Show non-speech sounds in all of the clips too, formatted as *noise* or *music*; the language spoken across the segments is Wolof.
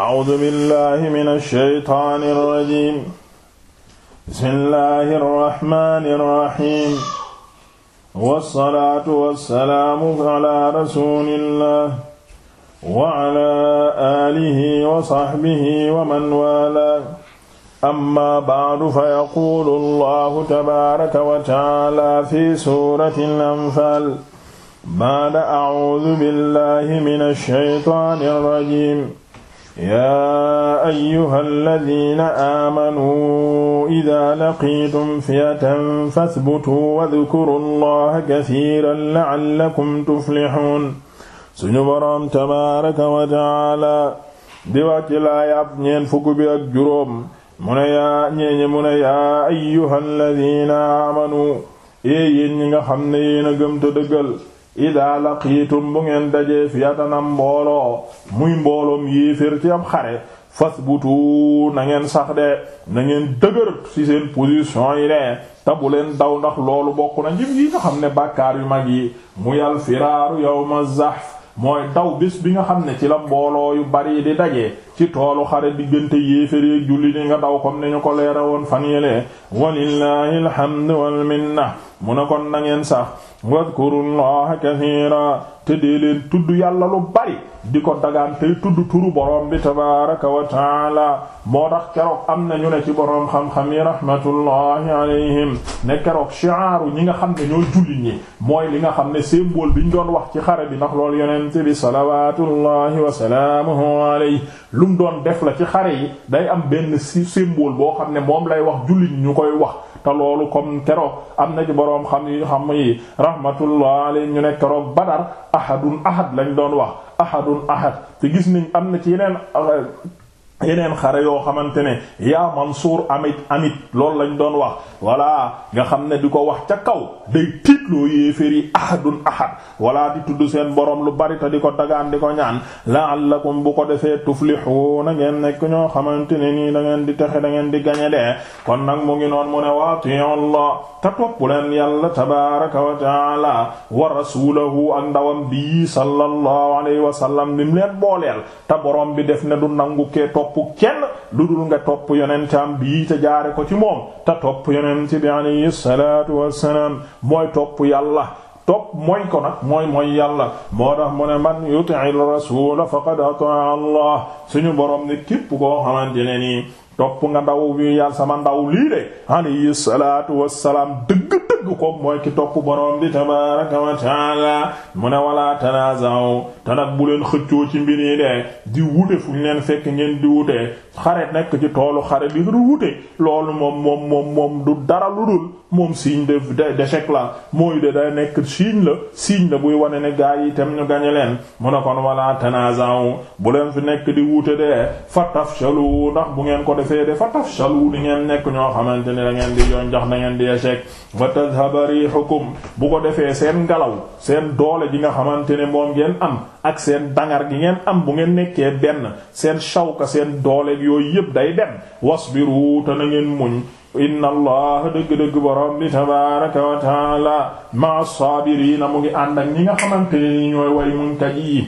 A'uuzu billaahi mina shaytaani rajiim. Bismillaahi rahmaani rahiim. Wassalaatu wassalaamu alaa rasuulillaah wa alaa aalihi wa sahbihi wa man waalaa. Ammaa ba'du fayaquulu Allaahu tabaaraka wa ta'aalaa fi suuratil Anfaal. Ba'da a'uuzu billaahi mina shaytaani rajiim. yaa ayyuhal ladina amanu idaa laqiitum fiyatan fasbutu wadkuru allaha kasiiran la'allakum tuflixuun suñu boroom tabaaraka wa taala di wax ci laaya ab ñeent fukk bi ak juróom mu ne yaa ñeeñe mu ne yaa ayyuhal ladina amanu ee yéen ñi nga xam ne yéen a gëm te dëggal ida laqiitum bu ngeen dajee fiyatanam mbooloo muy mbooloom yéefér ci am xare fasbutu na ngeen sax de na ngeen dëgër ci seen position yi de te leen daw ndax loolu bokk na njim yi nga xam ne bàkkaar yu mag yi muy al firaaru yawma zahf mooy daw bés bi nga xam ne ci la mbooloo yu bari di daje ci toolu xare diggante yéeféreeg julli ni nga daw comme ni ñu ko leera woon fan yelee walillahi alhamdu wal minna mu ne kon na ngeen sax wadkurullaha kathiira te dee tudd yàlla lu bari di ko dagaan tey tudd turu borom bi tabaaraka wa taala moo tax keroog am na ñu ne ci borom xam-xam yi rahmatullahi alayhim ne keroog shi'aaru ñi nga xam ne ñoo julli ñi mooy li nga xam ne symbole bi ñu doon wax ci xare bi nax loolu yonent bi salawaatullahi wa salaamuhu alayhi lu mu doon def la ci xare yi day am benn symbole boo xam ne moom lay wax julli ñi ñu koy wax. te loolu comme keroog am na ci boroom xam yi xam yi rahmatullah alayhi ñu ne keroog badar ahadun ahad lañ doon wax ahadun ahad te gis nañ am na ci yeneen yeneen xare yoo xamante ne yaa Mansuur amit amit loolu lañ doon wax walla nga xam ne di ko wax ca kaw day tiitloo yéeféer yi ahadun ahad walla di tudd seen borom lu bari te di ko dagaan di ko ñaan la la'allakum bu ko defee tuflihuuna ngeen nekk ñoo xamante ne nii da ngeen di texe da ngeen di gañe de kon nag mu ngi noon mu ne waatiyallah te topp leen yàlla tabaaraka wa taala wa rasuulahu ak ndawam bi sallallahu alayhi wa sallam nim leen booleel te borom bi def ne du nangu kee topp kenn lu dul nga topp yonentam bii te jaare ko ci moom te topp yonent bi alayhi salaatu wassalaam mooy topp yàlla topp mooy ko nag mooy mooy yàlla moo tax mu ne man yuti'ir rasuula faqad ata'a allah suñu borom ne képp koo xamante ne nii topp nga ndaw wi sama ndaw lii de alayhi salaatu wassalaam dëgg koog mooy ki topp borom bi tabaaraka wa taala mu ne walaa tanaazaw te nag bu leen xëccoo ci mbir yi de di wute fu ñu fekk ngeen di wute xare nekk ci toolu xare bi du wute loolu moom moom moom moom du dara lu dul moom signe de d'échec la mooy de day nekk signe la signe la buy wane ne gaa yi itam ñu leen mu ne kon wala tanaza'u bu leen fi nekk di wuute de fa tafshalu ndax bu ngeen ko defee de fa tafshalu di ngeen nekk ñoo xamante ne da ngeen di yoon ndax da ngeen di échec wa tadhhaba rihukum bu ko defee seen ngelaw seen doole ji nga xamante ne moom ngeen am ak seen dangar gi ngeen am bu ngeen nekkee benn seen shawka seen doole yooyu yëpp day dem wasbiru te na ngeen muñ inna allah dëgg-dëgg borom bi tabaraka wa taala ma saabirina mu ngi ànd ak nga xamante ne ñooy way muñ kat yi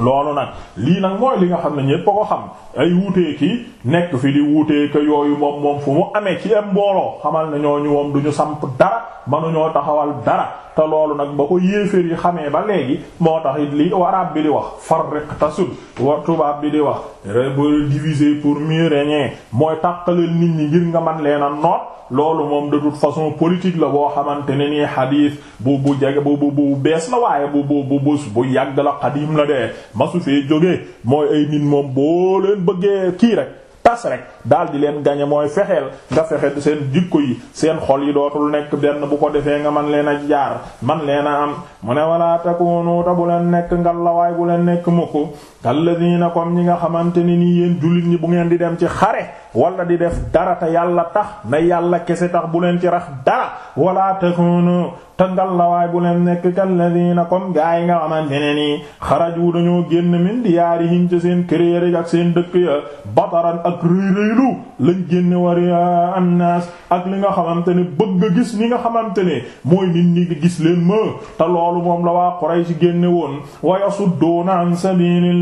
loolu nag lii nag mooy li nga xam ne ñépp a ko xam ay wuutee ki nekk fi di wuutee que yooyu moom moom fu mu amee ci am mbooloo xamal ne ñooñu moom du ñu samp dara ñoo taxawal dara te loolu nag ba ko yéeféer yi xamee ba léegi moo tax it li waraab bi di wax farriq tasud war tubaab bi di wax re diviser pour mieux régner mooy tàqaleel nit ñi ngir nga man leen a noot loolu moom de façon politique la boo xamante ne nii xadiis bu bu jege bu bu bu bees la waaye bu bu bu bu yàgg la xadiim la masu fee jógee mooy ay nit moom boo leen bëggee kii rek tas rek daal di leen gañe mooy fexeel nga fexe seen jikko yi seen xol yi dootul nekk benn bu ko defee nga man leen a jaar man leen a am mu ne walaa takuunu ta bu leen nekk ngallawaay bu leen nekk mukk kalladina comme ñi nga xamante ni nii yéen jullit ñi bu ngeen di dem ci xare wala di def dara te yàlla tax na yàlla kese tax bu leen ci rax dara wala takunu te ngallawaay bu leen nekk kalladina comme gaa yi nga xamante ne nii xaraju dañoo génn min diyaarihim ca seen kër ak seen dëkk ya bataran ak rëy rëylu lañ génn wari annaas ak li nga xamante ne bëgg a gis ni nga xamante ne mooy nit ñi nga gis leen ma te loolu moom la waa Quraysh génne woon wa yasudduuna an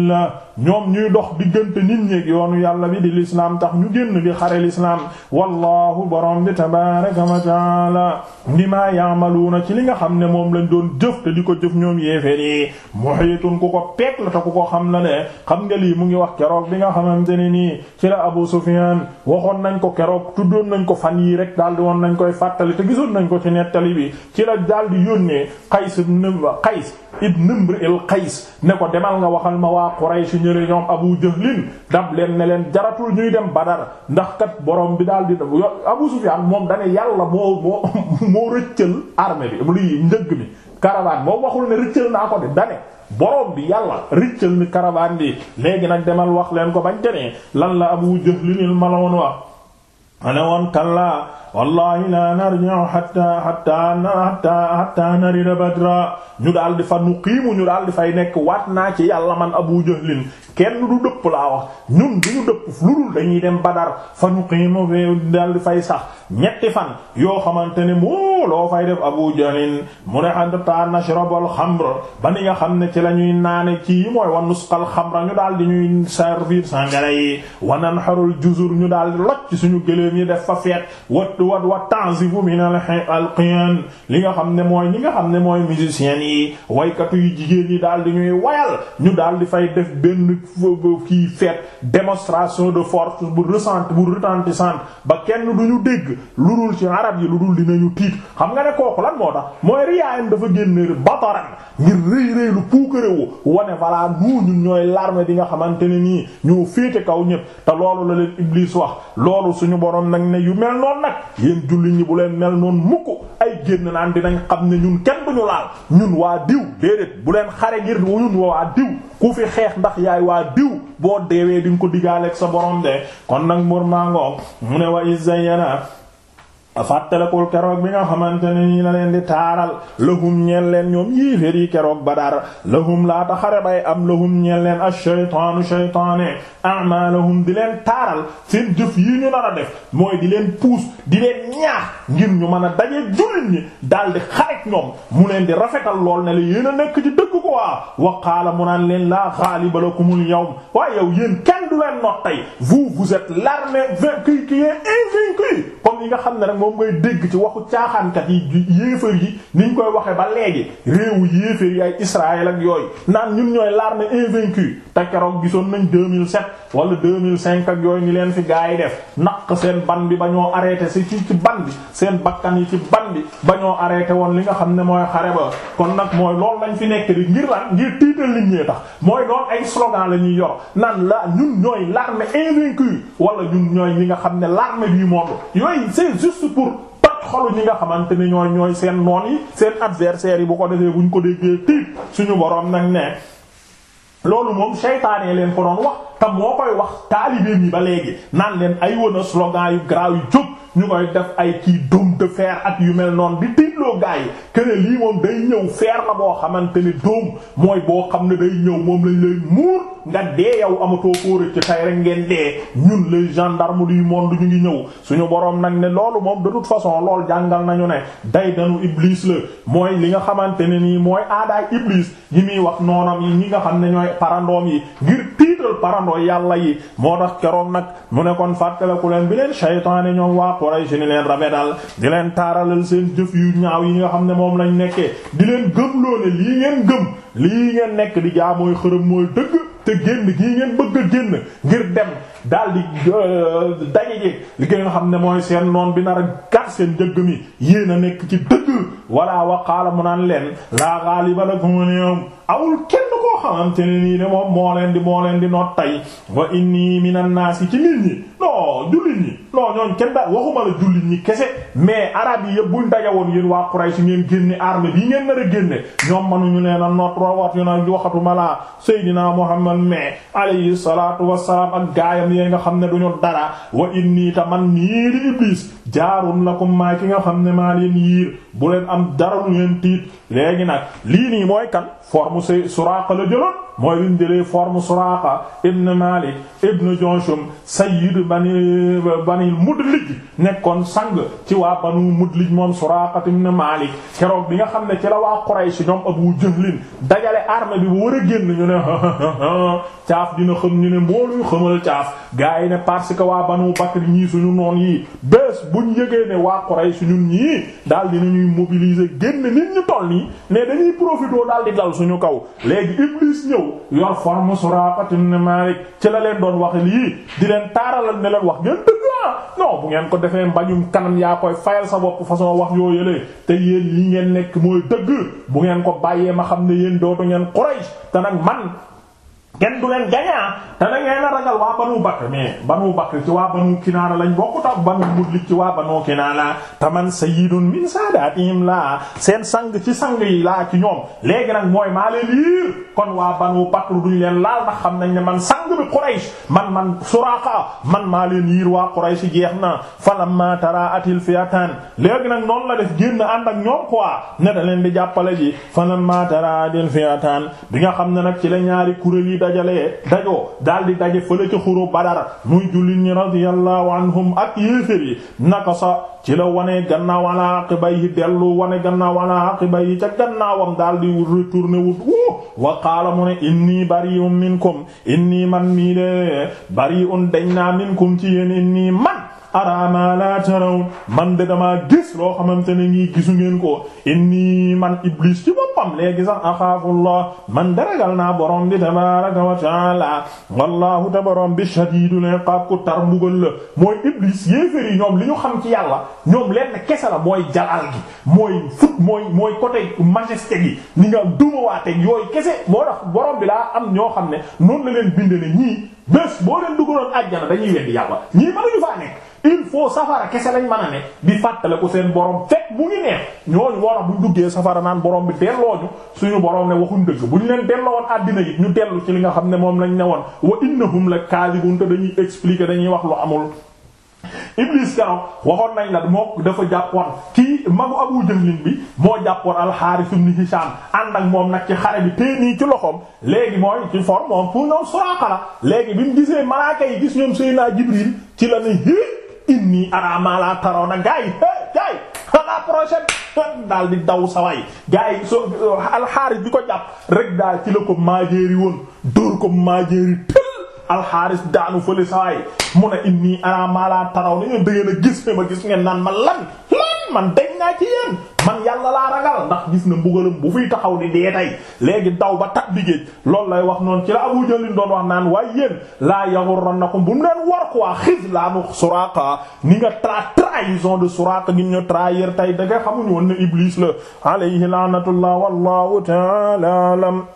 la ñoom ñuy dox diggante nit ñi ak yoonu yàlla bi di lislaam tax ñu génn di xare lislaam wallahu borom bi tabaraka wa taala bima yaamaluuna ci li nga xam ne moom lañ doon jëf te di ko jëf ñoom yéeféer yi muhiitun ku ko peek la te ku ko xam la ne xam nga lii mu ngi wax keroog bi nga xamante ne nii ci la rek daal woon nañ koy fàttali te gisoon nañ ko ci nettali bi ci la daal di yónnee Qays ibn Qays ibn Imr al ne ko demal nga waxal ma waa Quraysh ñëre ñoom Abu Jahlin dab leen ne leen jaratul ñuy dem Badar ndax kat boroom bi daal di Abu Sufyaan moom dane yàlla moo moo *laughs* moo rëccal armée bi luy njëg bi caravane moom waxul ne rëccal naa ko de dane borom bi yàlla rëccal ni caravane bi léegi nag demal wax leen ko bañ tenee lan la Abu Jahlin il maloon wax ana woon kallaa wallahi la narji'u hatta hatta hatta hatta narida badra ñu daal di fa nuqiimu ñu daal di fay nekk waat naa ci yàlla man abu jahlin kenn du dëpp laa wax ñun du ñu dëpp lu dul dañuy dem Badar fa ñu dal di fay sax ñetti fan yoo xamante ne moo loo fay def Abu Jalin mu ne hatta nashrabal xamr ba ni nga xam ne ci lañuy naane ci mooy wa nusqal xamra ñu daal di ñuy servir sangara yi wa nanharul juzur ñu daal di loj suñu gëléem yi def fa feet wa wa wa tanzifu min al-qiyan li nga xam ne mooy ñi nga xam ne mooy musiciens yi waykatu yu jigéen yi daal di ñuy wayal ñu daal di fay def kii feet démonstration de force bu ressent bu retentissante ba kenn du ñu dégg lu dul ci arab yi lu dul ñu tiit xam nga ne kooku lan moo tax mooy riyaayam dafa génne bataran ngir rëy rëy lu puukaréwu wane voilà nu ñun ñooy l'armée bi nga xamante ne nii ñoo féete kaw ñëpp te loolu la leen Iblis wax loolu suñu borom nag ne yu mel noon nag yéen jullit ñi bu leen mel noon mukk ay génn naan dinañ xam ne ñun kenn duñu laal ñun waa diw déedéet bu leen xare ngir ñun waa diw waa diw boo deewee di nga ko digaaleeg sa borom de kon nag mur maa ngoog mu ne wa iz zayyana fàttalikul keroog bi nga xamante ne nii la leen di taaral lahum ñeel leen ñoom yéeféer yi keroog Badar lahum laata xare bay am lahum ñeel leen ash-shaytaanu shaytaane a'maalahum di leen taaral seen jëf yi ñu nar a def mooy di leen puus di leen ñaax ngir ñu mën a daje jullit ñi daal di ñoom mu leen di rafetal lool ne la yéen a nekk ci dëgg ko waa wa qaala mu naan leen laa ghaaliba lakumul waaye yow yéen kenn du leen not tey vous vous êtes moom ngay dégg ci waxu caaxaankat yi yéefar yi niñ koy waxe ba léegi réewu yéefar yi ay Israël ak yooyu naan ñun ñooy l'armée invaincue te keroog gisoon nañ 2007 wala 2005 ak yooyu ni leen fi gaa yi def naq seen ban bi ba ñoo arrêté si ci ci ban bi seen bakkan yi ci ban bi ba ñoo arrêté woon li nga xam ne mooy xare ba kon nag mooy loolu lañ fi nekk di ngir lan ngir tiital nit ñee tax mooy lool ay slogan la ñuy yor naan la ñun ñooy l'armée invaincue wala ñun ñooy ñi nga xam ne l'armée du monde yooyu juste pour pat xolu ñi nga xamante ni ñooy ñooy seen noon yi seen adversaires yi bu ko defee buñ ko déggee tiit suñu borom nag ne loolu moom seytaane leen ko doon wax te moo koy wax taalibeem yi ba léegi naan leen ay wan a slogan yu garaaw yu jóg ñu koy def ay kii dôme de fer at yu mel noonu di tiitloo gars yi kene lii moom day ñëw fer la boo xamante ni dóom mooy boo xam ne day ñëw moom lañ lay muur nga dee yow amatoo kóora ci tay rek ngeen dee ñun les gendarmes du monde ñu ngi ñëw suñu boroom nag ne loolu moom de toute façon lool jàngal nañu ne day danu iblis la mooy li nga xamante ne nii mooy aadaay iblis yi muy wax noonam ñi nga xam ne ñooy parandoom yi mooy yàlla yi moo tax keroog nag mu ne kon fàttaliku leen bi leen shaytaane ñoom waa Quraysh ni leen rafetal di leen taaralal seen jëf yu ñaaw yi nga xam ne moom lañ nekkee di leen gëm loo lii ngeen gëm lii ngeen nekk di jaamooy xërëm mooy dëgg te génn gii ngeen bëgg a génn ngir dem daal di euh, daje ji li nga xam ne mooy seen noon bi nar a gar seen njëgg mi yéen a nekk ci dëgg walla waqaala mu nan leen laa ghaaliba lakum al-yawm awul kenn koo xamante ne nii ne moom moo leen di moo leen di noot tey wa inni minan naasi ci nit ñi non jullit ñi non ñooñ kenn daal waxuma jullit ñi kese mais arab yi yëpp buñ dajawoon yéen waa nar a génne ñoom mënuñu leen a rawatuna waxatuma laa Seydina Muhammad mais alayhi salaatu wassalaam ak gaayam yee nga xam ne duñu dara wa inni ta man nii di Iblis jaarun lakum ki nga xam ne maa leen yiir bu leen am dara lu ngeen tiit léegi nag lii nii mooy kan forme su Suraaqa la jëloon mooy li ñu jëlee forme Suraaqa ibn Malik ibn Junshum sayyid bani bani Mudlij nekkoon sang ci waa banu Mudlij moom Suraaqa ibn Malik keroog bi nga xam ne ci la waa Quraysh ñoom Abu Jahlin dajale armée bi bu war a génn ñu ne *laughs* caaf dina xam ñu ne mbooluy xamal caaf gaa yi ne parce que waa Banu Bakr ñii suñu noon yi bés buñ yëgee ne waa Quraysh ñun ñii daal di nañuy mobiliser génn nit ñu toll nii ne dañuy profiter daal dal suñu kaw léegi Iblis ñëw yor forme Suraaqa ibn Maalik ci la leen doon wax lii di leen taaralal ne leen wax ngeen dëgg ah non bu ngeen ko defee mbañum kanam yaa koy fayal sa bopp façon wax yoo yëlee te yéen yi ngeen nekk mooy dëgg bu ngeen ko bàyyee ma xam ne yéen dootu ngeen Quraysh te nag man kenn du leen gañaa ah. te da ngeen a ragal waa banu Bakr mais banu Bakr ci waa banu Kinaana lañ bokku tax banu Mudlij ci waa banu Kinaana taman sayyidun min saadaatihim laa seen sang ci sang yi laa ci ñoom léegi nag mooy maa leen yiir kon waa banu Bakr duñ leen laal ndax xam nañ ne man sang bi Quraysh man man Suraaqa man maa leen yiir waa Quraysh jeex na falamma taraatil fi'atan léegi nag noonu la def génn ànd ak ñoom quoi ne da leen dajalee dajoo daal di daje fële ca xuru Badar muy jullit ñi radiyallahu anhum ak yéefér yi nakasa ci la wanee gannaaw ala aqibayhi dellu wane gannaaw ala aqibayhi ca gannaawam daal di retourné wut wa qaala mu ne inni bari'un minkum inni man mii de bari'un dañ minkum ci yéen inni man araama laa taraw man de damaa gis loo xamante ne ngi gisu ngeen ko inni man iblis ci boppam léegi sax axaafullah man daragal naa borom bi tabaraka wa taala wallahu te borom bi shadidul iqab ku tar mbugal la mooy iblis yéeféri ñoom li ñu xam ci yàlla ñoom lenn kese la mooy jalal gi mooy fut mooy mooy côté majesté gi ni nga dumawaateg yooyu kese moo borom bi laa am ñoo xam ne noonu la leen binde ne ñii bés boo leen dugaloon àjjana dañuy il faut safara kese lañ mën a ne di fàttale ko seen boroom fekk mu ngi neex ñooñu war a buñ duggee safara naan borom bi dellooñu suñu borom ne waxuñ dëgg ñu leen delloowoon àddina yi ñu dellu ci li nga xam ne moom lañ ne woon wa innahum la kaadibun te dañuy expliquer dañuy wax lu amul Iblis Kano waxoon nañ la moo dafa jàppoon kii magu Abu Jahlin bi moo jàppoon al-Harith ibn Hisham ànd ak moom nag ci xare bi tee nii ci loxoom léegi mooy ci forme moom pour léegi bi mu gisee malaaka yi gis ñoom Seydina Jibril ci la ne inni ara ma la tarawna gaay gaay à la prochaine daal di daw sawaay gaay yi so alxaaris bi ko jàpp rek daal ci ko maajeeri woon dóor ko maajeeri tël alxaaris daanu fële sawaay mun a inni ara ma tarawna yéen da ngeen a ma gis ngeen ma lan lan man dañ naa man yàlla laa ragal ndax gis na mbugalam bu fiy taxaw di dee tey léegi daw ba tat bi géej loolu lay wax noon ci la Abu Jahl doon wax naan waaye yéen laa yaghurrannakum bu mu leen war quoi xizlaanu Suraaqa ni nga tra trahison de Suraaqa gi ñu trahir tey da nga xamuñu woon ne Iblis la alayhi la'natullah wallahu ta'ala